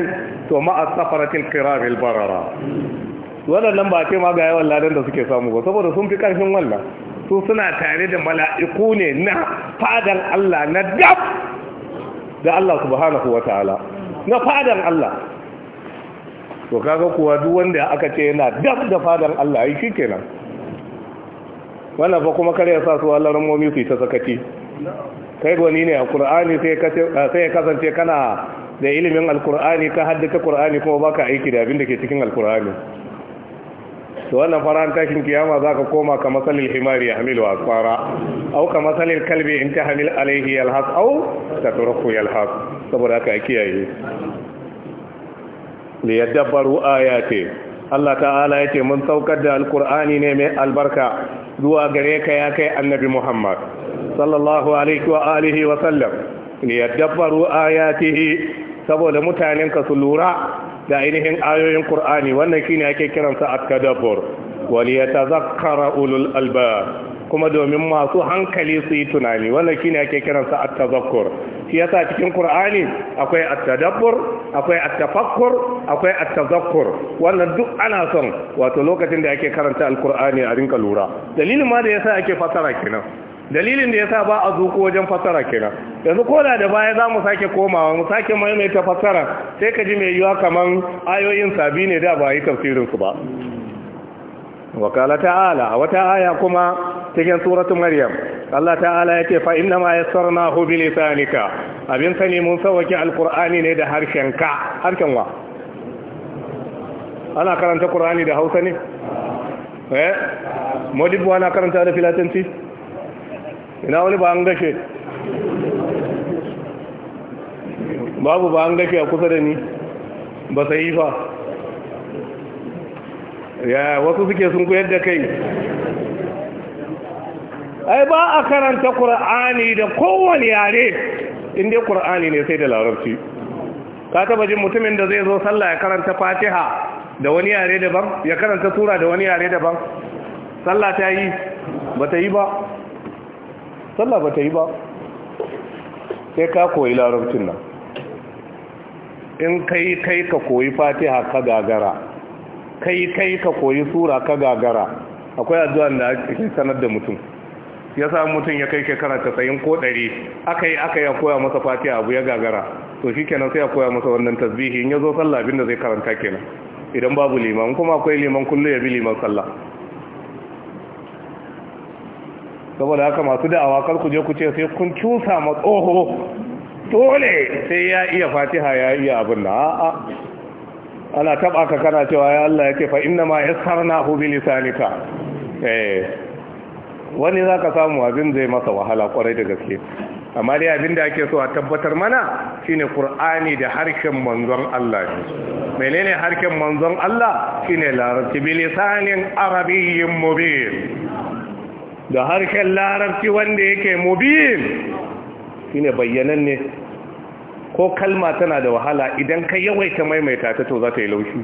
[SPEAKER 1] to ma'a safaratin kiramil barara waɗannan ba ce ma ga yawan ladan da suke samu ba saboda sun fi ƙarfin wannan su suna tare da mala'iku ne na fadan Allah na dab da Allah subhanahu ta'ala, na fadan Allah to kaga kuwa duk wanda aka ce yana dab da fadar Allah ai shikenan wannan fa kuma kare ya sa su Allah ramomi su ta sakaci kai gwani ne a Qur'ani sai ka sai kasance kana da ilimin alkur'ani ka haddace Qur'ani kuma baka aiki da abin da ke cikin alkur'ani to wannan faran tashin kiyama ka koma ka masalil himari ya yahmilu asfara au ka masalil kalbi in ta hamil tahmil alayhi au ta tatruku yalhas saboda haka kiyaye li yadabbaru ce. Allah ta'ala ya ce mun saukar da alqur'ani ne mai albarka zuwa gare ka ya kai annabi Muhammad sallallahu alaihi wa alihi wa sallam li yadabbaru ayatihi saboda mutanen ka su lura da ainihin ayoyin Kur'ani wannan shine ake kiransa ya ta Zakara ulul albab kuma domin masu hankali su yi tunani wannan shine ake kiransa at-tazakkur shi yasa cikin Kur'ani akwai at-tadabbur akwai at-tafakkur akwai at-tazakkur wannan duk ana son wato lokacin da ake karanta Alkur'ani a rinka lura dalilin ma da yasa ake fasara kenan dalilin da yasa ba a zuku wajen fasara kira yanzu ko da baya za mu sake komawa mu sake maimaita fasara sai ka ji mai yiwa kaman ayoyin sabi ne da ba yi tafsirin su ba wakala ta'ala a wata aya kuma cikin suratun maryam Allah ta'ala ya ce fa inna ma yassarnahu bi lisanika abin sani mun sauwake alkur'ani ne da harshen ka harshen wa ana karanta kur'ani da Hausa ne eh modibu ana karanta da filatanci ina wani ba an gashe babu ba an gashe a kusa da ni ba sai fa ya wasu suke sun koyar da kai ai ba a karanta ƙur'ani da kowane yare inda ƙur'ani ne sai da larabci ka taba jin mutumin da zai zo sallah ya karanta fatiha da wani yare daban ya karanta tura da wani yare daban sallah ta yi ba ta yi ba sallah ba ta yi ba sai ka koyi larabcin nan in kai kai ka koyi fatiha ka gagara kai kai ka koyi sura ka gagara akwai addu'a da ake sanar da mutum ya sa mutum ya kai shekara tsayin ko ɗari aka yi aka ya koya masa fatiha abu ya gagara to shi kenan sai ya koya masa wannan tasbihi in ya zo sallah zai karanta kenan idan babu liman kuma akwai liman kullu ya bi liman sallah saboda haka masu da'awa kar ku je ku ce sai kun cusa ma tsoho dole sai ya iya fatiha ya iya abin da a'a ana taba ka kana cewa ya Allah yake fa inna ma hu bi lisanika eh wani zaka samu abin zai masa wahala kwarai da gaske amma dai abin da ake so a tabbatar mana shine Qur'ani da harshen manzon Allah menene harshen manzon Allah shine larabci bi lisanin arabiyyin mubin da harshen larabci wanda yake mubin shine bayyanan ne ko kalma tana da wahala idan ka yawaita maimaita ta to za ta yi laushi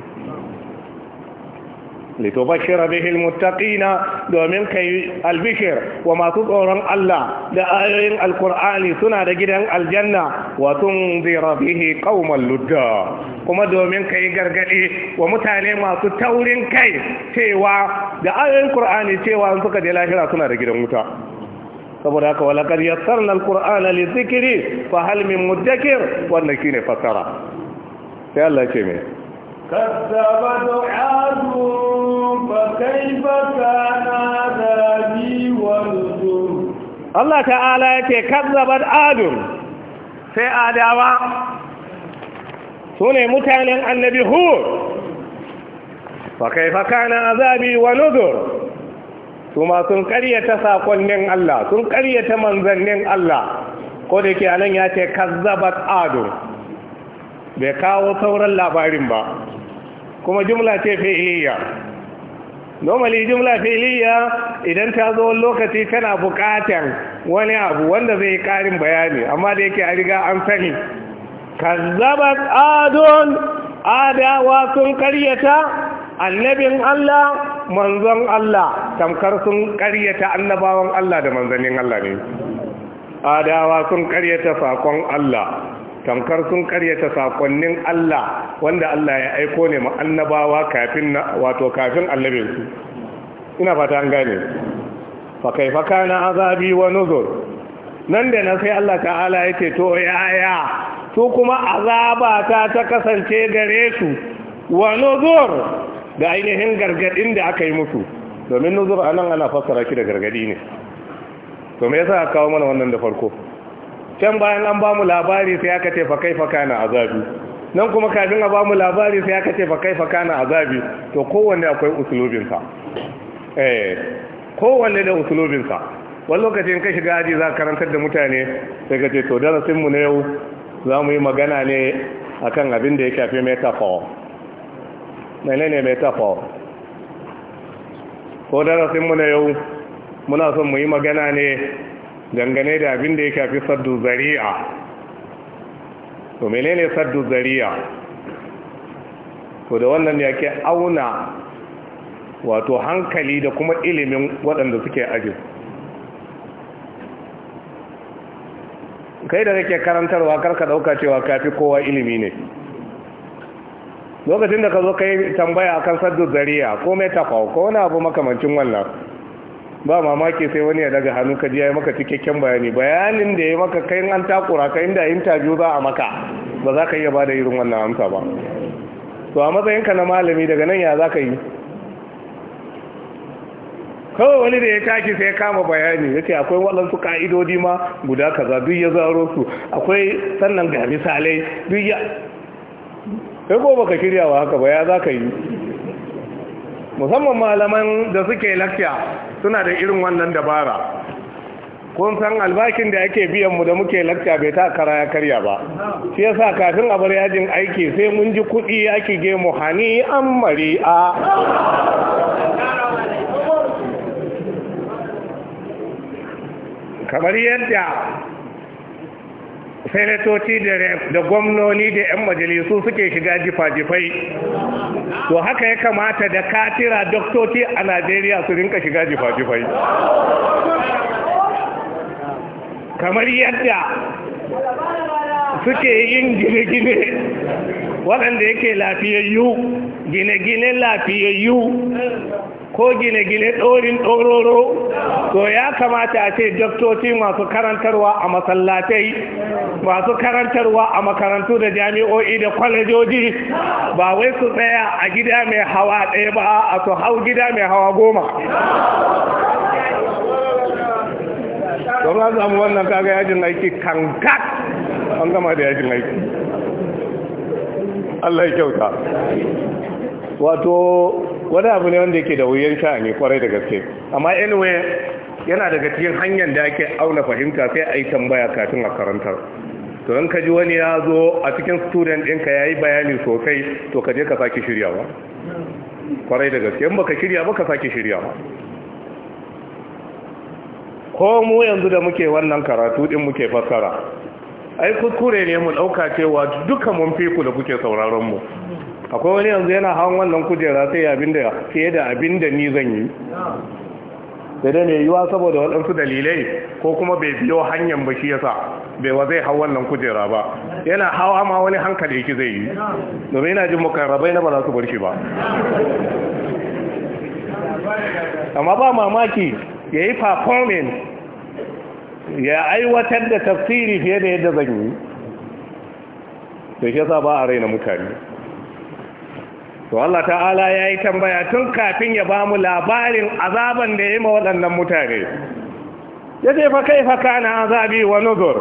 [SPEAKER 1] litubashira bihi almuttaqina domin kai albishir wa masu tsoron Allah da ayoyin alqur'ani suna da gidan aljanna wa tunzira bihi qauman ludda kuma domin kai gargadi wa mutane masu taurin kai cewa da ayoyin Kur'ani cewa suka je lahira suna da gidan wuta saboda haka walakar yassar na alkur'ana li zikiri fa hal min muddakir wannan shine fasara sai Allah ce mai
[SPEAKER 2] كذبت عاد فكيف كان عذابي والجر
[SPEAKER 1] الله تعالى يكي كذبت عاد
[SPEAKER 2] sai adawa
[SPEAKER 1] su ne mutanen annabi hur fakai na azabi wa nuzur su ma sun karyata sakonnin Allah sun karyata manzannin Allah ko da ke anan ya ce kazzabat adu bai kawo sauran labarin ba kuma jumla ce fi'iliya normally jumla fi'iliya idan ta zo lokaci tana buƙatar wani abu wanda zai ƙarin bayani amma da yake a riga an sani kazzabat adon adawa sun karyata annabin Allah manzon Allah tamkar sun karyata annabawan Allah da manzannin Allah ne adawa sun karyata sakon Allah tamkar sun karyata sakonnin Allah wanda Allah ya aiko ne ma annabawa kafin wato kafin annabinsu ina fata an gane fa kaifa kana azabi wa nuzur nan da na sai Allah ta'ala yake to yaya to kuma azaba ta ta kasance gare su wa nuzur da ainihin gargadin da aka yi musu domin nuzur anan ana fassara shi da gargadi ne to me yasa aka kawo mana wannan da farko can bayan an ba mu labari sai aka ce fakai faka na azabi nan kuma kafin a ba mu labari sai aka ce fakai faka na azabi to kowanne akwai usulubinsa eh kowanne da usulubinsa wani lokacin ka shiga aji za karantar da mutane sai ka ce to darasinmu na yau za mu yi magana ne akan abin da ya shafi metaphor ne metaphor ko darasinmu na yau muna son mu yi magana ne dangane da abin da ya shafi saddu zari'a to menene saddu zari'a to da wannan ya ke auna wato hankali da kuma ilimin waɗanda suke ajin kai da kake karantarwa karka ɗauka cewa kafi kowa ilimi ne lokacin da ka zo ka yi tambaya akan saddu zari'a ko mai tafawa ko wani abu makamancin wannan ba mamaki sai wani ya daga hannu ka ji ya yi maka cikakken bayani bayanin da ya maka kai an takura ka inda interview za a maka ba za ka iya ba da irin wannan amsa ba to a ka na malami daga nan ya za ka yi kawai wani da ya taki sai ya kama bayani ya ce akwai wadansu ka'idodi ma guda kaza duk ya zaro su akwai sannan ga misalai duk ya sai ko baka shirya wa haka ba ya za ka yi musamman malaman da suke lafiya suna da irin wannan dabara kun san albakin da ake biyan mu da muke lakta bai ta kara ya karya ba shi yasa kafin a bar yajin aiki sai mun ji kuɗi ake ge mu hani an mari a kamar yadda senatoci da gwamnoni da 'yan majalisu suke shiga jifa-jifai to haka ya kamata da katira doktoci a najeriya su rinka shiga jifa-jifai
[SPEAKER 3] kamar yadda
[SPEAKER 2] suke
[SPEAKER 1] yin gine-gine waɗanda yake lafiyayyu gine-gine lafiyayyu ko gine-gine ɗorin ɗororo to ya kamata a ce doktoci masu karantarwa a masallatai masu karantarwa a makarantu da jami'o'i da kwalejoji ba wai su tsaya a gida mai hawa ɗaya ba a su hau gida
[SPEAKER 2] mai hawa goma
[SPEAKER 1] don an samu wannan kaga yajin aiki kankat an gama da yajin aiki Allah ya kyauta wato wani abu ne wanda yake da wuyan sha'ani kwarai da gaske amma anyway yana daga cikin hanyar da ake auna fahimta sai a yi tambaya kafin a karantar to in ka ji wani ya zo a cikin student ɗinka ya yi bayani sosai to ka je ka shirya shiryawa kwarai da gaske in baka shirya ba ka shirya shiryawa ko mu yanzu da muke wannan karatu din muke fassara ai kuskure ne mu ɗauka cewa duka mun fi ku da kuke sauraron mu akwai wani yanzu yana hawan wannan kujera sai abin da fiye da abin da ni zan yi da dai yiwa saboda waɗansu dalilai ko kuma bai biyo hanyar ba shi yasa bai wa zai hau wannan kujera ba yana hawa ma wani hankali ki zai yi domin yana jin mukarrabai na ba za su bar shi ba amma ba mamaki ya yi performing ya aiwatar da tafsiri fiye da yadda zan yi da shi yasa ba a raina mutane to Allah ta'ala ya yi tambaya tun kafin ya ba mu labarin azaban da ya yi waɗannan mutane ya ce fa kai fa na azabi wa nuzur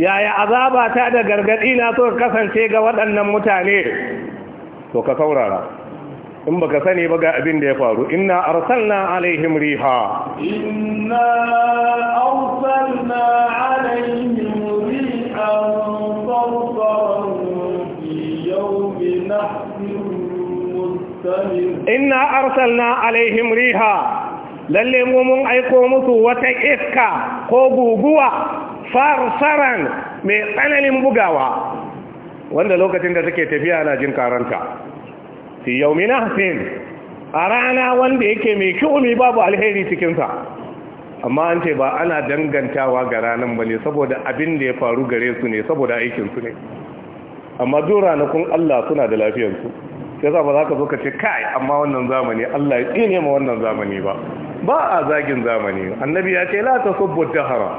[SPEAKER 1] yaya azaba ta da gargaɗi na so kasance ga waɗannan mutane to ka saurara in baka sani ba ga abin da ya faru inna arsalna alaihim riha
[SPEAKER 2] inna arsalna alaihim rihan sarsaran fi yawmin nahsin
[SPEAKER 1] inna arsalna alaihim riha lalle mu mun aiko musu wata iska ko guguwa farsaran mai tsananin bugawa wanda lokacin da take tafiya na jin karanta fi yaumina hasin a rana wanda yake mai ki'umi babu alheri cikinsa amma an ce ba ana dangantawa ga ranar ba ne saboda abin da ya faru gare su ne saboda aikinsu ne amma duk ranakun Allah suna da lafiyarsu ya za ba za ka zo ka ce kai amma wannan zamani Allah ya tsine ma wannan zamani ba ba a zagin zamani annabi ya ce la sabbu dahara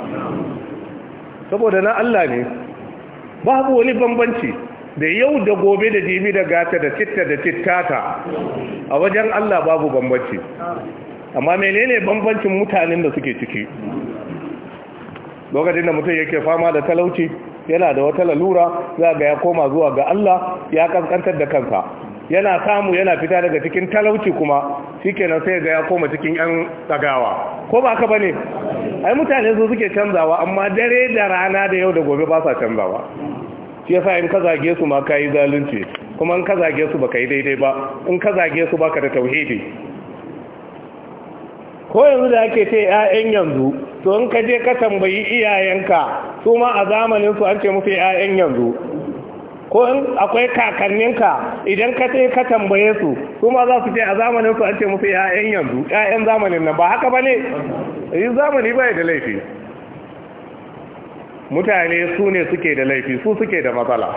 [SPEAKER 1] saboda na Allah ne babu wani bambanci da yau da gobe da jibi da gata da citta da cittata a wajen Allah babu bambanci amma menene bambancin mutanen da suke ciki lokacin da mutum yake fama da talauci yana da wata lalura za ga ya koma zuwa ga Allah ya kankantar da kansa yana samu yana fita daga cikin talauci kuma shikenan sai ga ya koma cikin yan tsagawa ko ba haka ne. ai mutane su suke canzawa amma dare da rana da yau da gobe ba sa canzawa shi yasa in ka zage su ma ka yi zalunci kuma in ka zage su baka yi daidai ba in ka zage su baka da tauhidi ko yanzu da ake ce 'ya'yan yanzu to in ka je ka tambayi iyayenka su ma a zamanin su an ce musu 'ya'yan yanzu ko in akwai kakanninka idan ka ce ka tambaye su kuma za su ce a zamanin su an ce musu ƴaƴan yanzu ƴaƴan zamanin nan ba haka bane yi zamani bai da laifi mutane su ne suke da laifi su suke da matsala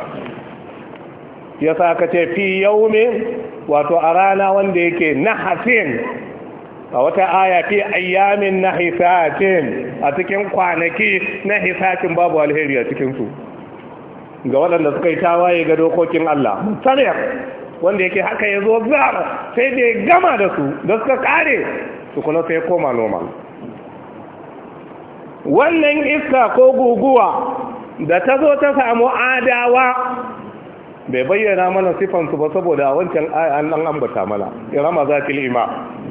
[SPEAKER 1] ya sa ka ce fi yaumin wato a rana wanda yake na hafin a wata aya fi ayyamin na hisacin a cikin kwanaki na hisacin babu alheri a cikinsu ga waɗanda suka yi tawaye ga dokokin Allah musamman wanda yake haka ya zo zara sai da ya gama da su da suka kare su kuna sai koma noma wannan iska ko guguwa da ta zo ta samu adawa bai bayyana mana sifansu ba saboda a wancan ayan an ambata mana irama za ta lima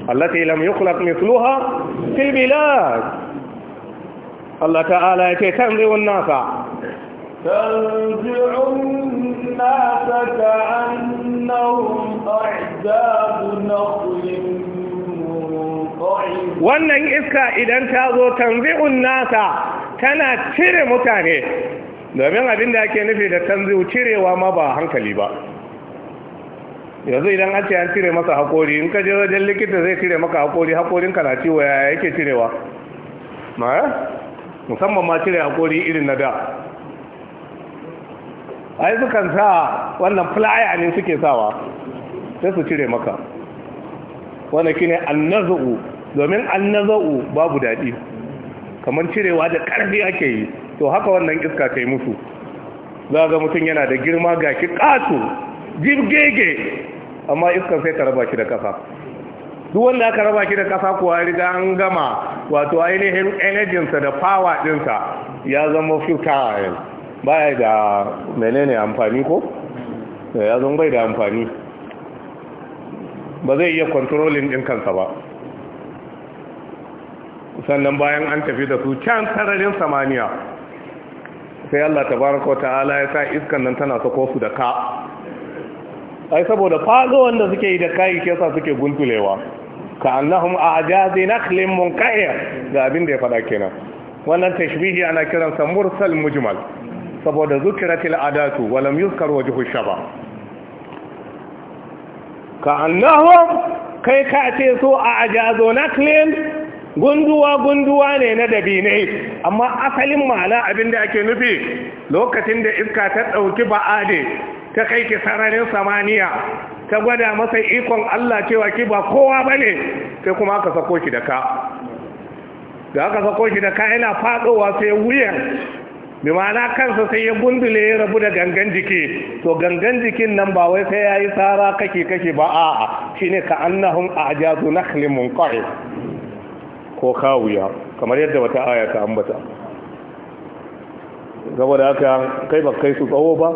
[SPEAKER 1] allati lam yukhlaq mithluha fil bilad Allah ta'ala yake kan zai wannan
[SPEAKER 2] تنزع الناس كأنهم أعداد نخل
[SPEAKER 1] wannan iska idan ta zo tanzi'un nasa tana cire mutane domin abin da ake nufi da tanzi'u cirewa ma ba hankali ba yanzu idan an ce an cire masa haƙori in ka je wajen likita zai cire maka haƙori haƙorin ka na ciwo yake cirewa ma musamman ma cire haƙori irin na da ai sukan sa wannan flyer ne suke sawa sai su cire maka wannan kine annazu domin annazu babu dadi kamar cirewa da karfi ake yi to haka wannan iska kai musu za ga mutum yana da girma ga ki kato jibgege amma iskan sai ta raba shi da kasa duk wanda aka raba shi da kasa kuwa riga an gama wato ainihin sa da power dinsa ya zama futile baya da menene amfani ko ya zan bai da amfani ba zai iya kontrolin din kansa ba sannan bayan an tafi da su can sararin samaniya sai Allah tabaraka ta'ala ya sa iskan nan tana sako su da ka ai saboda faga wanda suke yi da kai ke sa suke guntulewa ka annahum a'jazi nakhlim munqa'ir ga abin da ya fada kenan wannan tashbihi ana kiransa mursal mujmal saboda zukiratil adatu walam yuzkar wajhu shaba ka annahum kai ka ce so a ajazo clean gunduwa gunduwa ne na dabine. amma asalin ma'ana abin abinda ake nufi lokacin da iska ta dauki ba'ade ta kai ki sararin samaniya ta gwada masa ikon Allah cewa ki ba kowa bane sai kuma aka sako shi da ka da aka sako shi da ka yana fadowa sai wuyan mai ma'ana kansa sai ya gundule ya rabu da gangan jiki to gangan jikin nan ba wai sai ya yi tsara kake kake ba a'a shine ka annahum ajazu nakhlin kwari ko kawuya kamar yadda wata aya ta ambata da haka kai ba kai su tsawo ba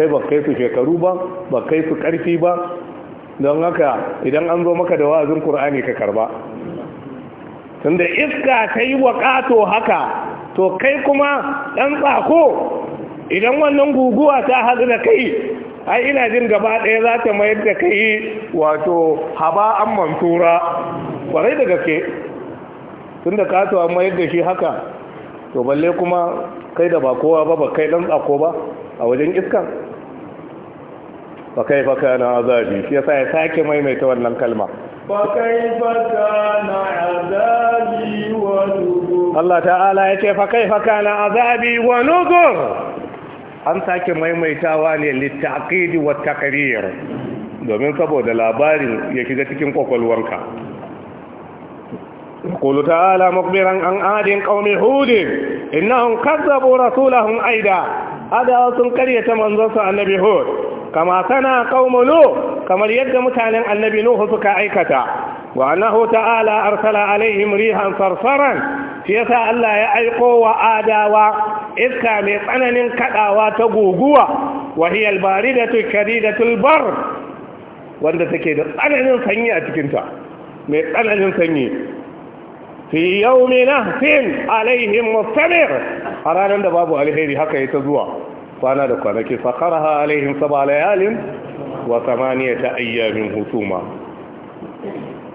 [SPEAKER 1] kai ba kai su shekaru ba ba kai su karfi ba don haka idan an zo maka da wa'azin qur'ani ka karba tunda iska ta yi wa ƙato haka to kai kuma ɗan tsako idan wannan guguwa ta hazu da kai ai ina jin gaba ɗaya za ta mayar da kai wato haba an mantura kwarai da gaske tun da katuwa mayar da shi haka to balle kuma kai da ba kowa ba ba kai ɗan tsako ba a wajen iskan ba kai na azabi shi yasa ya sake maimaita wannan kalma
[SPEAKER 2] bakai kai na azabi wa
[SPEAKER 1] Allah ta'ala ya ce fa kai fa
[SPEAKER 2] azabi wa nuzur
[SPEAKER 1] an sake maimaitawa ne littaqidi wa taqrir domin saboda labarin ya shiga cikin kwakwalwarka يقول تعالى مخبرا عن عاد قوم هود انهم كذبوا رسولهم aida, هذا sun karyata manzonsa annabi hud kama sana qaum kamar yadda mutanen annabi nuhu suka aikata وأنه تعالى أرسل عليهم ريحا صرصرا في ألا يأيقوا وآداوا إذ كان يطنن كداوا تقوقوا وهي الباردة الشديدة البر وأنت تكيد طنن سنية تكنتا من طنن سنية في يوم نهف عليهم مستمر أرانا دبابو عليه حقا يتزوى فأنا دقانا كي فقرها عليهم سبع ليال وثمانية أيام هتوما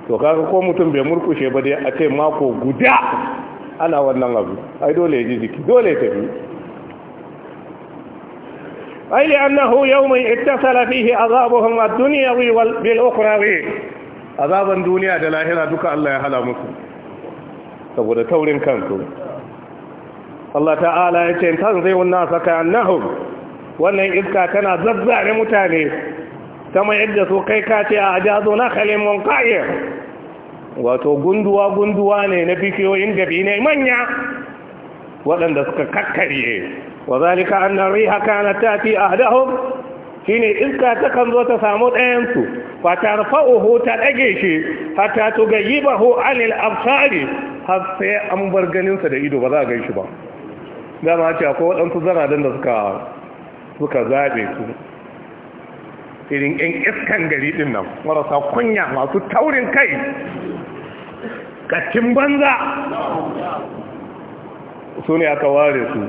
[SPEAKER 1] to kaga ko mutum bai murkushe ba dai a ce mako guda ana wannan abu ai dole ya ji jiki dole ya tafi ai li annahu yawmin ittasala fihi azabuhum ad-dunyawi wal bil ukhrawi azaban duniya da lahira duka Allah ya hala musu saboda taurin kansu Allah ta'ala ya ce tanzai wannan saka annahum wannan iska tana zazzare mutane ta yadda su kai kace a ajazo na khalimun qa'ir wato gunduwa gunduwa ne na fikiyo da bi ne manya waɗanda suka kakkare wa zalika anna riha kanat tati ahdahum shine iska ta kan zo ta samu ɗayan su fa tarfa'uhu ta dage shi hatta tugayibahu anil absari har sai an bar ganin sa da ido ba za a ganshi ba dama ce akwai waɗansu zanadan da suka suka zaɓe su irin yan iskan gari din nan marasa kunya masu taurin kai katin banza su ne aka ware su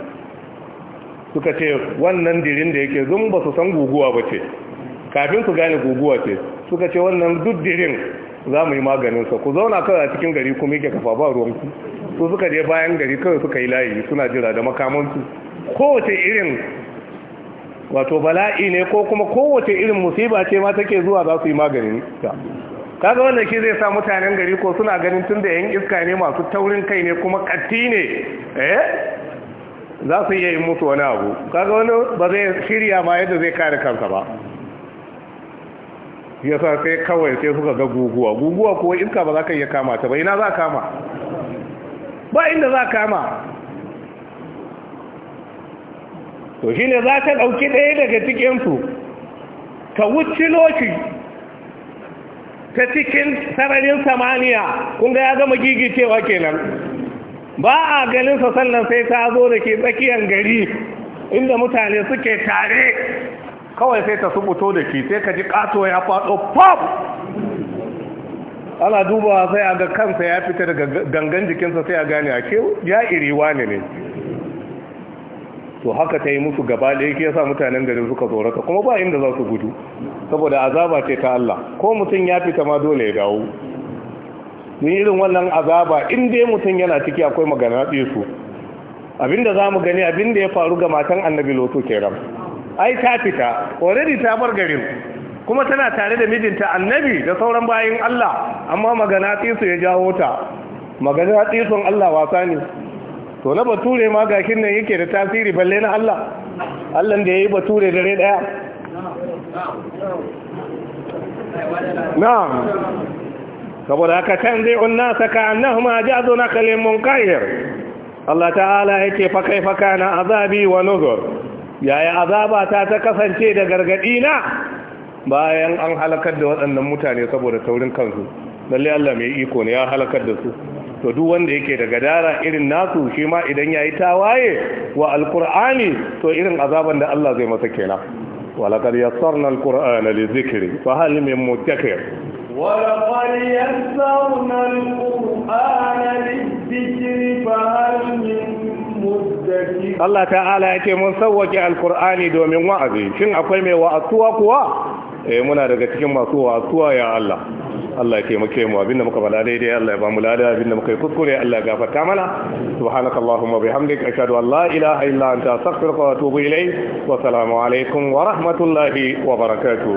[SPEAKER 1] suka ce wannan dirin da yake zun ba su san guguwa ba ce kafin su gane guguwa ce suka ce wannan duk dirin za mu yi maganinsa ku zauna kawai a cikin gari kuma yake kafa ba ruwanku su suka je bayan gari kawai suka yi layi suna jira da makamansu kowace irin wato bala'i ne ko kuma kowace irin musiba ce ma take zuwa za su yi maganin ta kaga wannan shi zai sa mutanen gari ko suna ganin tun da yan iska ne masu taurin kai ne kuma katti ne eh za su iya yi musu wani abu kaga wani ba zai shirya ma yadda zai kare kansa ba Ya sa sai kawai sai suka ga guguwa guguwa kuwa iska ba za ka iya kama ta ba ina za kama ba inda za kama to shi ne za ta ɗauki ɗaya daga cikinsu ka wucilo shi ta cikin sararin samaniya kun ya gama gigicewa kenan ba a ganinsa sannan sai ta zo da ke tsakiyar gari inda mutane suke tare kawai sai ta subuto da ke, sai ka ji ƙato ya faɗo pop ana dubawa sai a ga kansa ya fita daga gangan jikinsa sai a gane a ke ya iriwa ne ne to haka ta yi musu gaba da yake yasa mutanen garin suka tsorata kuma ba inda za su gudu saboda azaba ce ta Allah ko mutum ya fita ma dole ya dawo ni irin wannan azaba in dai mutum yana ciki akwai magana su abinda za mu gani abinda ya faru ga matan annabi loto ran ai ta fita already ta bar garin kuma tana tare da mijinta annabi da sauran bayin Allah amma magana su ya jawo ta magana sun Allah wasa ne to na bature ma gashin nan yake da tasiri balle na Allah Allah da yayi bature dare daya na'am saboda haka tanzi unnasa ka annahum ajazu naqlin munqayr Allah ta'ala yake fa kaifa kana azabi wa nuzur yaya azaba ta ta kasance da gargadi na bayan an halakar da waɗannan mutane saboda taurin kansu lalle Allah mai iko ne ya halakar da su to duk wanda yake da gadara irin nasu shi ma idan yayi yi tawaye wa alkur'ani to irin azaban da Allah zai masa kenan walakar yassar na alkur'ani da zikiri fa halimin mu take
[SPEAKER 2] walakar yassar na alkur'ani da zikiri fa halimin mu
[SPEAKER 1] take Allah ta'ala yake mun sauwake alkur'ani domin wa'azi shin akwai mai wa'azuwa kuwa eh muna daga cikin masu wasuwa ya Allah Allah ya taimake mu abinda muka faɗa daidai Allah ya ba mu lada abinda muka yi kuskure Allah ya gafarta mana subhanakallahumma bihamdika ashhadu an la ilaha illa anta astaghfiruka wa atubu ilayk wa assalamu alaikum wa rahmatullahi wa barakatuh